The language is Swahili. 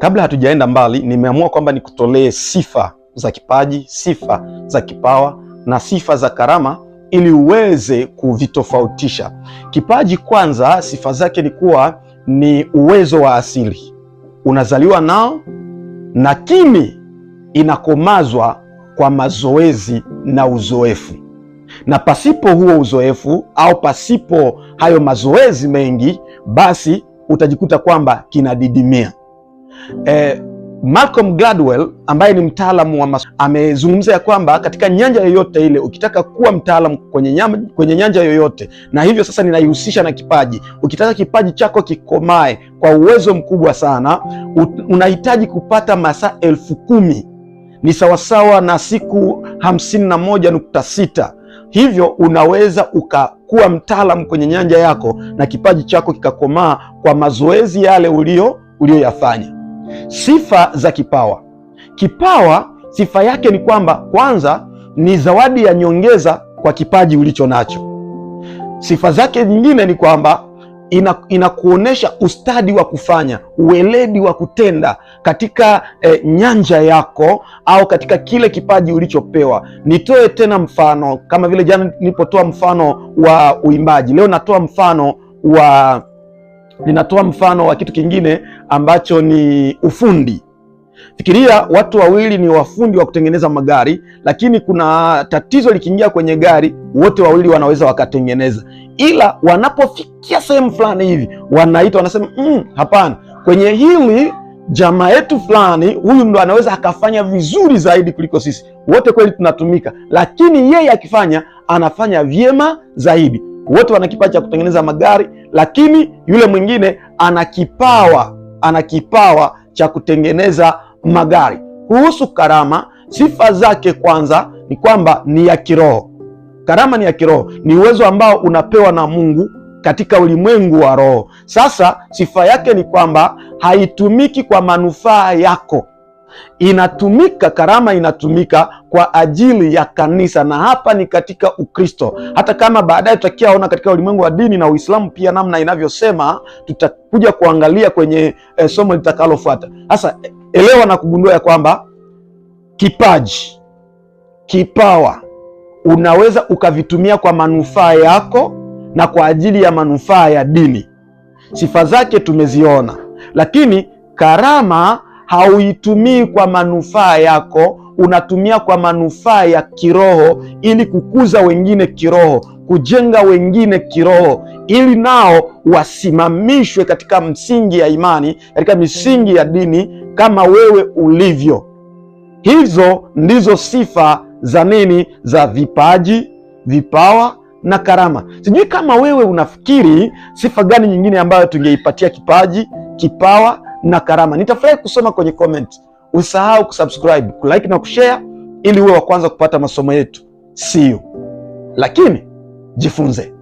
Kabla hatujaenda mbali, nimeamua kwamba nikutolee sifa za kipaji, sifa za kipawa na sifa za karama ili uweze kuvitofautisha. Kipaji kwanza, sifa zake ni kuwa ni uwezo wa asili, unazaliwa nao, lakini inakomazwa kwa mazoezi na uzoefu, na pasipo huo uzoefu au pasipo hayo mazoezi mengi, basi utajikuta kwamba kinadidimia eh, Malcolm Gladwell ambaye ni mtaalamu wa amezungumza ya kwamba katika nyanja yoyote ile ukitaka kuwa mtaalamu kwenye, nyam, kwenye nyanja yoyote, na hivyo sasa ninaihusisha na kipaji. Ukitaka kipaji chako kikomae kwa uwezo mkubwa sana, unahitaji kupata masaa elfu kumi ni sawasawa na siku hamsini na moja nukta sita hivyo unaweza ukakuwa mtaalamu kwenye nyanja yako na kipaji chako kikakomaa kwa mazoezi yale ulio uliyoyafanya. Sifa za kipawa. Kipawa sifa yake ni kwamba kwanza ni zawadi ya nyongeza kwa kipaji ulicho nacho. Sifa zake nyingine ni kwamba inakuonyesha ina ustadi wa kufanya, uweledi wa kutenda katika e, nyanja yako au katika kile kipaji ulichopewa. Nitoe tena mfano, kama vile jana nilipotoa mfano wa uimbaji, leo natoa mfano wa ninatoa mfano wa kitu kingine ambacho ni ufundi. Fikiria watu wawili ni wafundi wa kutengeneza magari, lakini kuna tatizo likiingia kwenye gari, wote wawili wanaweza wakatengeneza, ila wanapofikia sehemu fulani hivi wanaita, wanasema mm, hapana, kwenye hili jamaa yetu fulani, huyu ndo anaweza akafanya vizuri zaidi kuliko sisi wote. Kweli tunatumika, lakini yeye akifanya anafanya vyema zaidi wote wana kipawa cha kutengeneza magari, lakini yule mwingine ana kipawa ana kipawa cha kutengeneza magari. Kuhusu karama, sifa zake kwanza ni kwamba ni ya kiroho. Karama ni ya kiroho, ni uwezo ambao unapewa na Mungu katika ulimwengu wa roho. Sasa sifa yake ni kwamba haitumiki kwa manufaa yako, inatumika, karama inatumika kwa ajili ya kanisa, na hapa ni katika Ukristo, hata kama baadaye tutakiaona katika ulimwengu wa dini na Uislamu pia namna inavyosema, tutakuja kuangalia kwenye eh, somo litakalofuata. Sasa elewa na kugundua ya kwamba kipaji, kipawa unaweza ukavitumia kwa manufaa yako na kwa ajili ya manufaa ya dini. Sifa zake tumeziona, lakini karama hauitumii kwa manufaa yako, unatumia kwa manufaa ya kiroho, ili kukuza wengine kiroho, kujenga wengine kiroho, ili nao wasimamishwe katika msingi ya imani, katika misingi ya dini, kama wewe ulivyo. Hizo ndizo sifa za nini, za vipaji, vipawa na karama. Sijui kama wewe unafikiri sifa gani nyingine ambayo tungeipatia kipaji, kipawa na karama. Nitafurahi kusoma kwenye comment. Usahau kusubscribe, kulike na kushare ili uwe wa kwanza kupata masomo yetu. See you. Lakini jifunze.